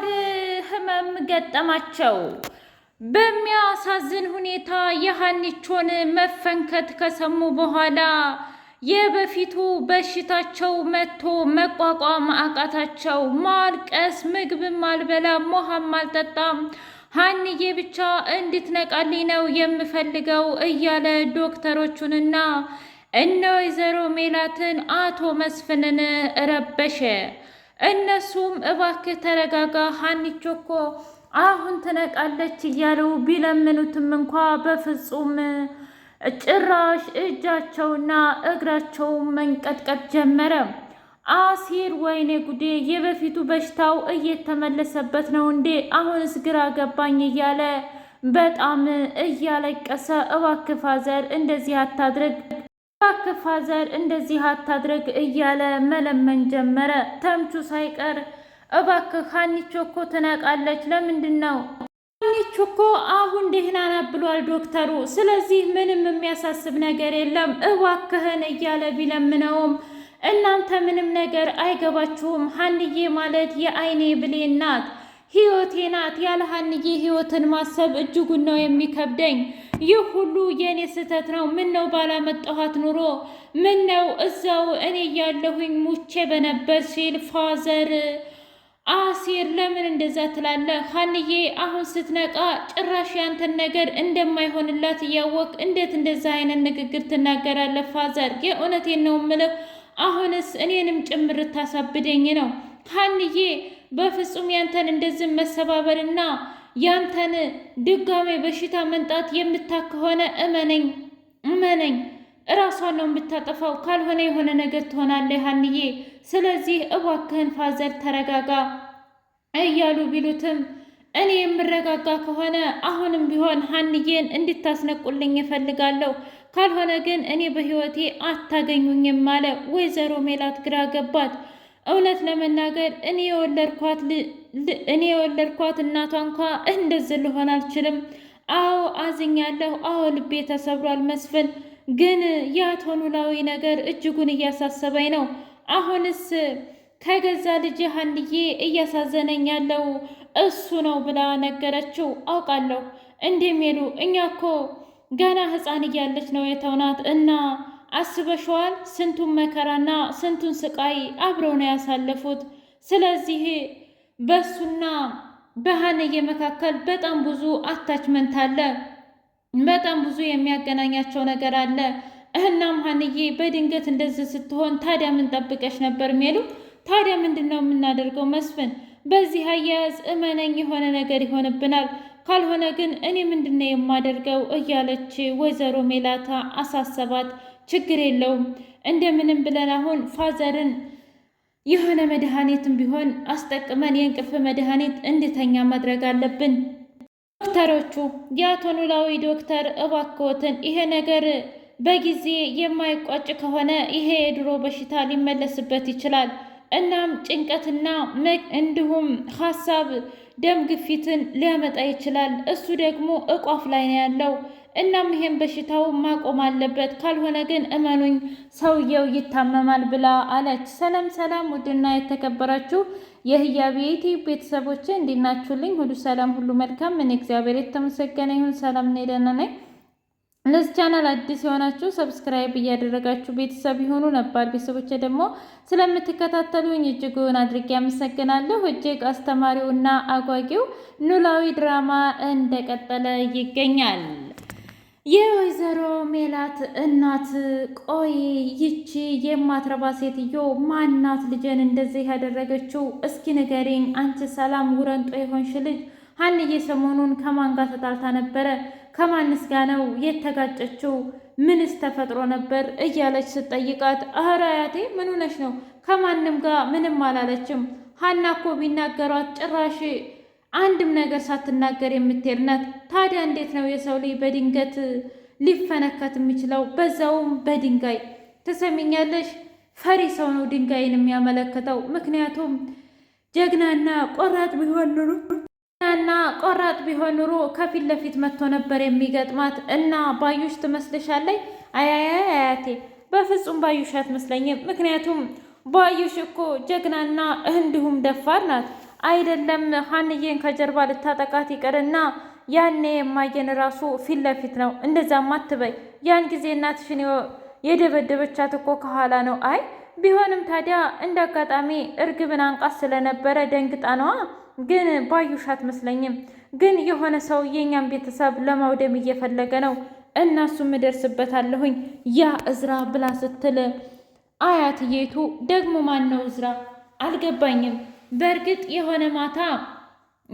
ከባድ ህመም ገጠማቸው። በሚያሳዝን ሁኔታ የሀኒቾን መፈንከት ከሰሙ በኋላ የበፊቱ በሽታቸው መጥቶ መቋቋም አቃታቸው። ማልቀስ፣ ምግብም አልበላም፣ ውሃም አልጠጣም። ሀንዬ ብቻ እንድትነቃልኝ ነው የምፈልገው እያለ ዶክተሮቹንና እነ ወይዘሮ ሜላትን አቶ መስፍንን ረበሸ። እነሱም እባክህ ተረጋጋ፣ ሀኒቾ እኮ አሁን ትነቃለች እያለው ቢለምኑትም እንኳ በፍጹም ጭራሽ እጃቸውና እግራቸው መንቀጥቀጥ ጀመረ። አሲር ወይኔ ጉዴ፣ የበፊቱ በሽታው እየተመለሰበት ነው እንዴ? አሁንስ ግራ ገባኝ እያለ በጣም እያለቀሰ እባክህ ፋዘር እንደዚህ አታድርግ እባክህ ፋዘር እንደዚህ አታድርግ እያለ መለመን ጀመረ። ተምቹ ሳይቀር እባክህ ሀኒቾ እኮ ትነቃለች፣ ለምንድን ነው ሀኒቾ እኮ አሁን ደህና ናት ብሏል ዶክተሩ። ስለዚህ ምንም የሚያሳስብ ነገር የለም እባክህን እያለ ቢለምነውም እናንተ ምንም ነገር አይገባችሁም፣ ሀንዬ ማለት የአይኔ ብሌን ናት፣ ህይወቴ ናት። ያለ ሀንዬ ህይወትን ማሰብ እጅጉን ነው የሚከብደኝ ይህ ሁሉ የእኔ ስህተት ነው። ምን ነው ባላመጣኋት ኑሮ ምን ነው እዛው እኔ እያለሁኝ ሙቼ በነበር ሲል ፋዘር አሲር ለምን እንደዛ ትላለ? ሀንዬ አሁን ስትነቃ ጭራሽ ያንተን ነገር እንደማይሆንላት እያወቅ እንዴት እንደዛ አይነት ንግግር ትናገራለ? ፋዘር የእውነቴን ነው ምልህ። አሁንስ እኔንም ጭምር ታሳብደኝ ነው ሀንዬ። በፍጹም ያንተን እንደዚህ መሰባበርና ያንተን ድጋሜ በሽታ መንጣት የምታ ከሆነ እመነኝ እመነኝ እራሷን ነው የምታጠፋው። ካልሆነ የሆነ ነገር ትሆናለህ ሀንዬ። ስለዚህ እባክህን ፋዘር ተረጋጋ እያሉ ቢሉትም እኔ የምረጋጋ ከሆነ አሁንም ቢሆን ሀንዬን እንድታስነቁልኝ እፈልጋለሁ። ካልሆነ ግን እኔ በህይወቴ አታገኙኝም ማለ ወይዘሮ ሜላት ግራ ገባት። እውነት ለመናገር እኔ የወለድኳት እኔ የወለድኳት እናቷ እንኳ እንደዚህ ልሆን አልችልም። አዎ አዝኛለሁ። አዎ ልቤ ተሰብሯል መስፍን። ግን የአቶ ኖላዊ ነገር እጅጉን እያሳሰበኝ ነው። አሁንስ ከገዛ ልጅ ሀንዬ እያሳዘነኝ ያለው እሱ ነው ብላ ነገረችው። አውቃለሁ እንደሚሉ እኛ እኮ ገና ሕፃን እያለች ነው የተውናት እና አስበሸዋል። ስንቱን መከራና ስንቱን ስቃይ አብረው ነው ያሳለፉት። ስለዚህ በሱና በሀንዬ መካከል በጣም ብዙ አታችመንት አለ። በጣም ብዙ የሚያገናኛቸው ነገር አለ። እህናም ሀንዬ በድንገት እንደዚህ ስትሆን ታዲያ ምን ጠብቀሽ ነበር የሚሉ ታዲያ ምንድን ነው የምናደርገው? መስፍን በዚህ አያያዝ እመነኝ የሆነ ነገር ይሆንብናል። ካልሆነ ግን እኔ ምንድን ነው የማደርገው? እያለች ወይዘሮ ሜላታ አሳሰባት። ችግር የለውም እንደምንም ብለን አሁን ፋዘርን የሆነ መድኃኒትም ቢሆን አስጠቅመን የእንቅልፍ መድኃኒት እንድተኛ ማድረግ አለብን። ዶክተሮቹ የአቶ ኖላዊ ዶክተር እባክዎትን፣ ይሄ ነገር በጊዜ የማይቋጭ ከሆነ ይሄ የድሮ በሽታ ሊመለስበት ይችላል። እናም ጭንቀትና እንዲሁም ሀሳብ ደም ግፊትን ሊያመጣ ይችላል። እሱ ደግሞ እቋፍ ላይ ነው ያለው። እናም ይሄን በሽታው ማቆም አለበት፣ ካልሆነ ግን እመኑኝ ሰውየው ይታመማል ብላ አለች። ሰላም ሰላም! ውድና የተከበራችሁ የህያብ ቤተሰቦች እንዲናችሁልኝ ሁሉ ሰላም፣ ሁሉ መልካም። ምን እግዚአብሔር የተመሰገነ ይሁን ሰላም ነኝ፣ ደህና ነኝ። ለዚህ ቻናል አዲስ የሆናችሁ ሰብስክራይብ እያደረጋችሁ ቤተሰብ የሆኑ ነባር ቤተሰቦች ደግሞ ስለምትከታተሉኝ እጅጉን አድርጌ ያመሰግናለሁ። እጅግ አስተማሪውና አጓጊው ኖላዊ ድራማ እንደቀጠለ ይገኛል። የወይዘሮ ሜላት እናት ቆይ ይቺ የማትረባ ሴትዮ ማናት? ልጄን እንደዚህ ያደረገችው እስኪ ንገሪኝ። አንቺ ሰላም ውረንጦ የሆንሽ ልጅ ሀንዬ ሰሞኑን ከማን ጋር ተጣልታ ነበረ? ከማንስ ጋ ነው የተጋጨችው? ምንስ ተፈጥሮ ነበር እያለች ስጠይቃት ኧረ አያቴ ምን ሆነሽ ነው? ከማንም ጋር ምንም አላለችም። ሀና እኮ ቢናገሯት ጭራሽ አንድም ነገር ሳትናገር የምትሄድ ናት። ታዲያ እንዴት ነው የሰው ልጅ በድንገት ሊፈነከት የሚችለው? በዛውም በድንጋይ ትሰሚኛለሽ? ፈሪ ሰው ነው ድንጋይን የሚያመለክተው። ምክንያቱም ጀግናና ቆራጥ ቢሆን ኑሮ ጀግናና ቆራጥ ቢሆን ኑሮ ከፊት ለፊት መጥቶ ነበር የሚገጥማት እና ባዩሽ ትመስልሻለይ? አያያ አያቴ፣ በፍጹም ባዩሽ አትመስለኝም። ምክንያቱም ባዩሽ እኮ ጀግናና እንዲሁም ደፋር ናት። አይደለም ሀንዬን ከጀርባ ልታጠቃት ይቅርና ያኔ የማየን ራሱ ፊት ለፊት ነው። እንደዛም አትበይ። ያን ጊዜ እናትሽን የደበደበቻት እኮ ከኋላ ነው። አይ ቢሆንም ታዲያ እንደ አጋጣሚ እርግብን አንቃት ስለነበረ ደንግጣ ነዋ። ግን ባዩሽ አትመስለኝም። ግን የሆነ ሰው የእኛም ቤተሰብ ለማውደም እየፈለገ ነው። እነሱም እደርስበታለሁኝ ያ እዝራ ብላ ስትል አያትዬቱ ደግሞ ማን ነው እዝራ? አልገባኝም። በእርግጥ የሆነ ማታ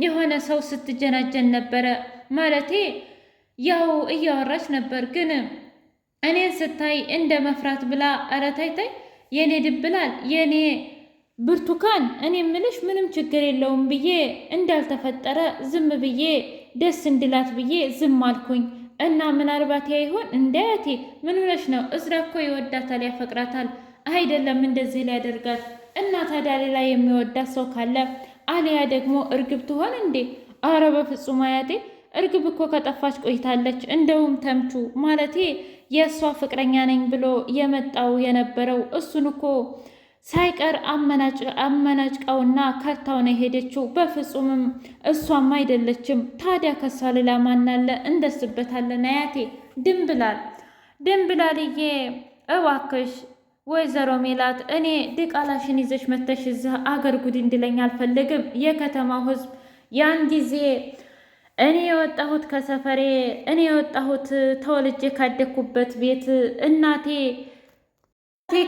የሆነ ሰው ስትጀናጀን ነበረ። ማለቴ ያው እያወራች ነበር፣ ግን እኔን ስታይ እንደ መፍራት ብላ ኧረ ታይታይ የእኔ ድብላል የእኔ ብርቱካን እኔ ምልሽ ምንም ችግር የለውም ብዬ እንዳልተፈጠረ ዝም ብዬ ደስ እንድላት ብዬ ዝም አልኩኝ። እና ምናልባት ያ ይሆን እንዳያቴ ምን ሆነሽ ነው? እዝራ እኮ ይወዳታል፣ ያፈቅራታል አይደለም እንደዚህ ላይ ያደርጋል እና ታዲያ ሌላ የሚወዳት ሰው ካለ አሊያ ደግሞ እርግብ ትሆን እንዴ? አረ በፍጹም አያቴ፣ እርግብ እኮ ከጠፋች ቆይታለች። እንደውም ተምቹ ማለቴ የእሷ ፍቅረኛ ነኝ ብሎ የመጣው የነበረው እሱን እኮ ሳይቀር አመናጭቃውና ከርታው ነው የሄደችው። በፍጹምም እሷም አይደለችም። ታዲያ ከሷ ሌላ ማናለ? እንደስበታለን አያቴ። ድንብላል ድንብላልዬ፣ እባክሽ ወይዘሮ ሜላት እኔ ድቃላሽን ይዘሽ መተሽ እዚህ አገር ጉድ እንድለኝ አልፈልግም። የከተማው ህዝብ ያን ጊዜ እኔ የወጣሁት ከሰፈሬ እኔ የወጣሁት ተወልጄ ካደግኩበት ቤት እናቴ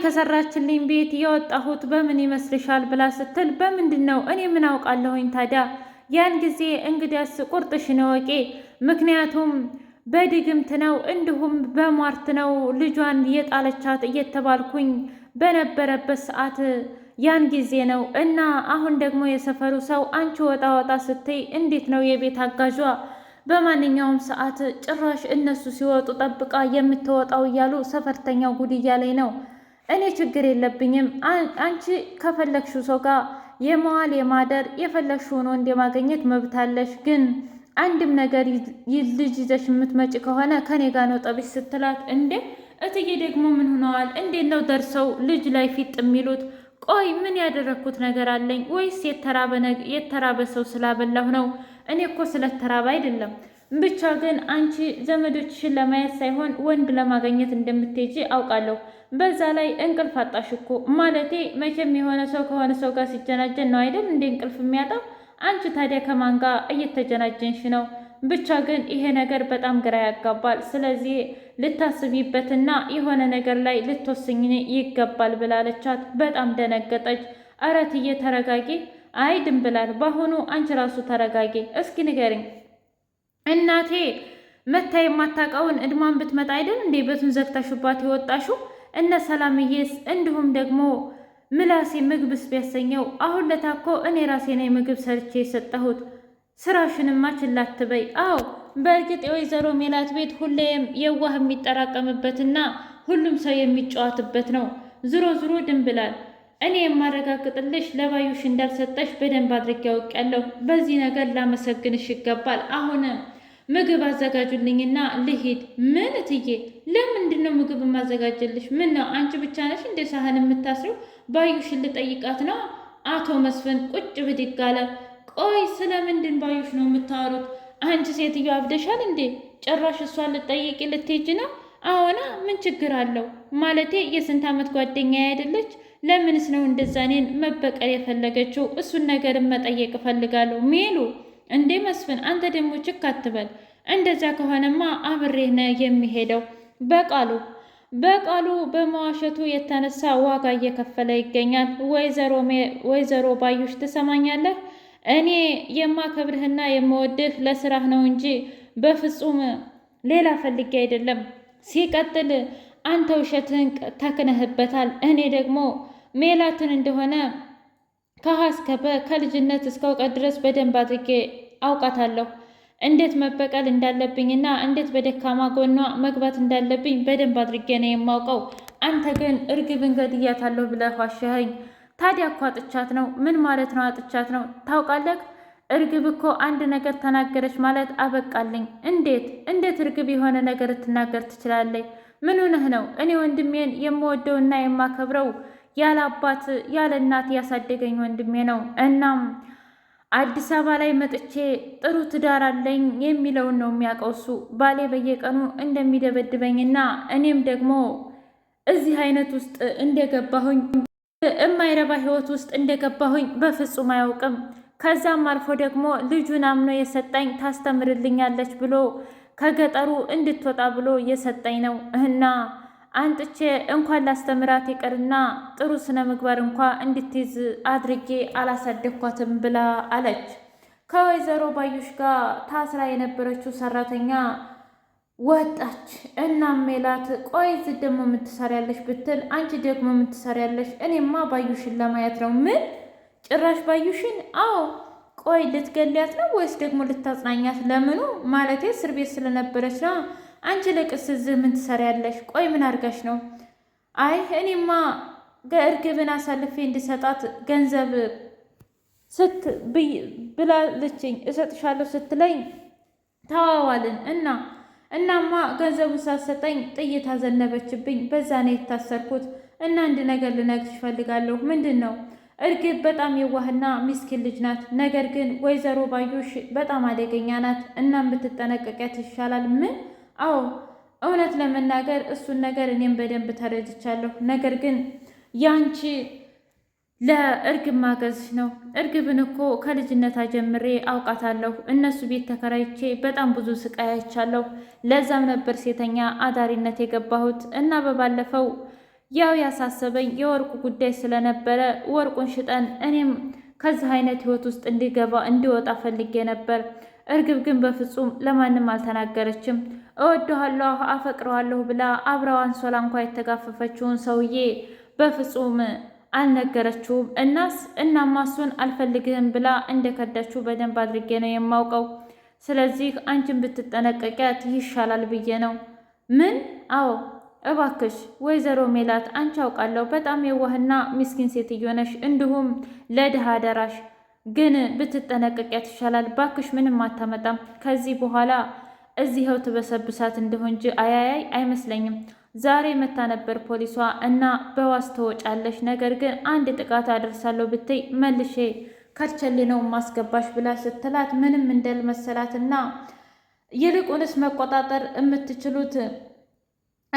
ከሰራችልኝ ቤት የወጣሁት በምን ይመስልሻል ብላ ስትል በምንድን ነው እኔ ምን አውቃለሁኝ ታዲያ ያን ጊዜ እንግዲያስ ቁርጥሽን እወቂ ምክንያቱም በድግምት ነው እንዲሁም በሟርት ነው ልጇን የጣለቻት እየተባልኩኝ በነበረበት ሰዓት ያን ጊዜ ነው እና አሁን ደግሞ የሰፈሩ ሰው አንቺ ወጣ ወጣ ስትይ እንዴት ነው የቤት አጋዧ በማንኛውም ሰዓት ጭራሽ እነሱ ሲወጡ ጠብቃ የምትወጣው እያሉ ሰፈርተኛው ጉድ እያለኝ ነው። እኔ ችግር የለብኝም። አንቺ ከፈለግሽው ሰው ጋር የመዋል የማደር የፈለግሽውን ወንድ የማገኘት መብታለሽ ግን አንድም ነገር ልጅ ይዘሽ የምትመጪ ከሆነ ከኔ ጋ ነው ጠብሽ ስትላት፣ እንዴ እትዬ ደግሞ ምን ሆነዋል? እንዴት ነው ደርሰው ልጅ ላይ ፊጥ የሚሉት? ቆይ ምን ያደረግኩት ነገር አለኝ ወይስ የተራበ ሰው ስላበላሁ ነው? እኔ እኮ ስለተራበ አይደለም። ብቻ ግን አንቺ ዘመዶችሽን ለማየት ሳይሆን ወንድ ለማገኘት እንደምትሄጂ አውቃለሁ። በዛ ላይ እንቅልፍ አጣሽ እኮ ማለቴ፣ መቼም የሆነ ሰው ከሆነ ሰው ጋር ሲጀናጀን ነው አይደል እንዴ እንቅልፍ የሚያጣው አንቺ ታዲያ ከማን ጋር እየተጀናጀንሽ ነው? ብቻ ግን ይሄ ነገር በጣም ግራ ያጋባል። ስለዚህ ልታስቢበትና የሆነ ነገር ላይ ልትወስኝ ይገባል ብላለቻት። በጣም ደነገጠች። አረትዬ ተረጋጊ። አይ ድንብላል፣ በአሁኑ አንቺ ራሱ ተረጋጊ። እስኪ ንገሪኝ እናቴ መታ የማታውቀውን እድሟን ብትመጣ አይደል እንዴ ቤቱን ዘግታሽባት የወጣሽው? እነ ሰላምዬስ እንዲሁም ደግሞ ምላሴ ምግብስ ቢያሰኘው አሁን ለታኮ እኔ ራሴ ነኝ ምግብ ሰርቼ የሰጠሁት። ስራሽንማ ችላ አትበይ። አዎ በእርግጥ የወይዘሮ ሜላት ቤት ሁሌም የዋህ የሚጠራቀምበትና ሁሉም ሰው የሚጫወትበት ነው። ዝሮ ዝሮ ድን ብላል። እኔ የማረጋግጥልሽ ለባዩሽ እንዳልሰጠሽ በደንብ አድርጌ ያውቅ ያለሁ። በዚህ ነገር ላመሰግንሽ ይገባል። አሁንም ምግብ አዘጋጁልኝና ልሄድ። ምን እትዬ፣ ለምንድን ነው ምግብ የማዘጋጀልሽ? ምን ነው አንቺ ብቻ ነሽ እንደ ሳህን የምታስረው? ባዩሽን ልጠይቃት ነው። አቶ መስፍን ቁጭ ብድግ አለ። ቆይ ስለምንድን ባዩሽ ነው የምታወሩት? አንቺ ሴትዮ አብደሻል እንዴ? ጭራሽ እሷን ልጠይቅ ልትሄጂ ነው? አዎና፣ ምን ችግር አለው? ማለቴ የስንት ዓመት ጓደኛ አይደለች? ለምንስ ነው እንደዛ እኔን መበቀል የፈለገችው? እሱን ነገርን መጠየቅ እፈልጋለሁ ሜሉ እንዴ መስፍን፣ አንተ ደግሞ ችክ አትበል። እንደዛ ከሆነማ አብሬህ ነው የሚሄደው። በቃሉ በቃሉ በመዋሸቱ የተነሳ ዋጋ እየከፈለ ይገኛል። ወይዘሮ ባዩሽ ትሰማኛለህ? እኔ የማከብርህና የምወድህ ለስራህ ነው እንጂ በፍጹም ሌላ ፈልጌ አይደለም። ሲቀጥል አንተ ውሸትህን ተክነህበታል። እኔ ደግሞ ሜላትን እንደሆነ ከሀስከበ ከልጅነት እስከ እውቀት ድረስ በደንብ አድርጌ አውቃታለሁ። እንዴት መበቀል እንዳለብኝና እንዴት በደካማ ጎኗ መግባት እንዳለብኝ በደንብ አድርጌ ነው የማውቀው። አንተ ግን እርግብን ገድያታለሁ ብለህ ዋሸኸኝ። ታዲያ እኮ አጥቻት ነው። ምን ማለት ነው አጥቻት ነው? ታውቃለህ፣ እርግብ እኮ አንድ ነገር ተናገረች ማለት አበቃልኝ። እንዴት እንዴት እርግብ የሆነ ነገር ትናገር ትችላለች? ምን ሆነህ ነው? እኔ ወንድሜን የምወደውና የማከብረው ያለ አባት ያለ እናት ያሳደገኝ ወንድሜ ነው። እናም አዲስ አበባ ላይ መጥቼ ጥሩ ትዳር አለኝ የሚለውን ነው የሚያውቀው እሱ። ባሌ በየቀኑ እንደሚደበድበኝና እኔም ደግሞ እዚህ አይነት ውስጥ እንደገባሁኝ የማይረባ ህይወት ውስጥ እንደገባሁኝ በፍጹም አያውቅም። ከዛም አልፎ ደግሞ ልጁን አምኖ የሰጠኝ ታስተምርልኛለች ብሎ ከገጠሩ እንድትወጣ ብሎ የሰጠኝ ነው እና አንጥቼ እንኳን ላስተምራት ይቅርና ጥሩ ስነ ምግባር እንኳ እንድትይዝ አድርጌ አላሳደግኳትም ብላ አለች። ከወይዘሮ ባዩሽ ጋር ታስራ የነበረችው ሰራተኛ ወጣች። እናም ሜላት ቆይ እዚህ ደግሞ የምትሰሪያለሽ ብትል አንቺ ደግሞ የምትሰሪያለሽ እኔማ ባዩሽን ለማየት ነው። ምን ጭራሽ ባዩሽን? አዎ ቆይ ልትገሊያት ነው ወይስ ደግሞ ልታጽናኛት? ለምኑ ማለቴ እስር ቤት ስለነበረች ነው አንቺ ለቅስ እዚህ ምን ትሰሪያለሽ? ቆይ ምን አድርጋሽ ነው? አይ እኔማ እርግብን አሳልፌ እንድሰጣት ገንዘብ ስት ብላለችኝ እሰጥሻለሁ ስትለኝ ተዋዋልን እና እናማ ገንዘቡን ሳሰጠኝ ጥይት አዘነበችብኝ። በዛ ነው የታሰርኩት። እና አንድ ነገር ልነግርሽ እፈልጋለሁ። ምንድን ነው? እርግብ በጣም የዋህና ሚስኪን ልጅ ናት። ነገር ግን ወይዘሮ ባዩሽ በጣም አደገኛ ናት እና ብትጠነቀቂያት ይሻላል። ምን አዎ እውነት ለመናገር እሱን ነገር እኔም በደንብ ተረድቻለሁ። ነገር ግን ያንቺ ለእርግብ ማገዝ ነው። እርግብን እኮ ከልጅነቷ ጀምሬ አውቃታለሁ። እነሱ ቤት ተከራይቼ በጣም ብዙ ስቃይ አይቻለሁ። ለዛም ነበር ሴተኛ አዳሪነት የገባሁት እና በባለፈው ያው ያሳሰበኝ የወርቁ ጉዳይ ስለነበረ ወርቁን ሽጠን እኔም ከዚህ አይነት ህይወት ውስጥ እንዲገባ እንዲወጣ ፈልጌ ነበር። እርግብ ግን በፍጹም ለማንም አልተናገረችም። እወድሃለሁ፣ አፈቅረዋለሁ ብላ አብረው አንሶላ እንኳ የተጋፈፈችውን ሰውዬ በፍጹም አልነገረችውም። እናስ እናማ እሱን አልፈልግህም ብላ እንደከዳችሁ በደንብ አድርጌ ነው የማውቀው። ስለዚህ አንቺን ብትጠነቀቂያት ይሻላል ብዬ ነው። ምን? አዎ እባክሽ ወይዘሮ ሜላት አንቺ አውቃለሁ በጣም የዋህና ሚስኪን ሴትዮ ነሽ፣ እንዲሁም ለድሃ ደራሽ ግን ብትጠነቀቂያት ይሻላል። ባክሽ ምንም አታመጣም ከዚህ በኋላ እዚህው ትበሰብሳት እንደሆን እንጂ አያያይ አይመስለኝም። ዛሬ መታ ነበር ፖሊሷ እና በዋስ ተወጫለሽ፣ ነገር ግን አንድ ጥቃት አደርሳለሁ ብትይ መልሼ ከርቸሌ ነው ማስገባሽ ብላ ስትላት ምንም እንዳልመሰላትና ይልቁንስ መቆጣጠር የምትችሉት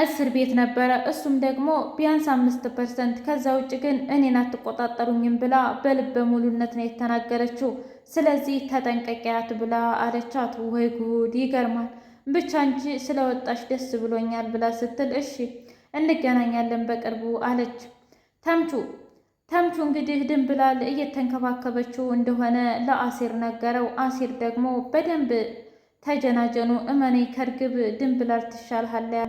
እስር ቤት ነበረ። እሱም ደግሞ ቢያንስ አምስት ፐርሰንት ከዛ ውጭ ግን እኔን አትቆጣጠሩኝም ብላ በልበ ሙሉነት ነው የተናገረችው። ስለዚህ ተጠንቀቂያት ብላ አለቻት። ወይ ጉድ ይገርማል፣ ብቻ አንቺ ስለወጣሽ ደስ ብሎኛል ብላ ስትል እሺ እንገናኛለን በቅርቡ አለች። ተምቹ ተምቹ እንግዲህ ድንብላል እየተንከባከበችው እንደሆነ ለአሴር ነገረው። አሴር ደግሞ በደንብ ተጀናጀኑ እመኔ ከርግብ ድንብላል ትሻልሃለያ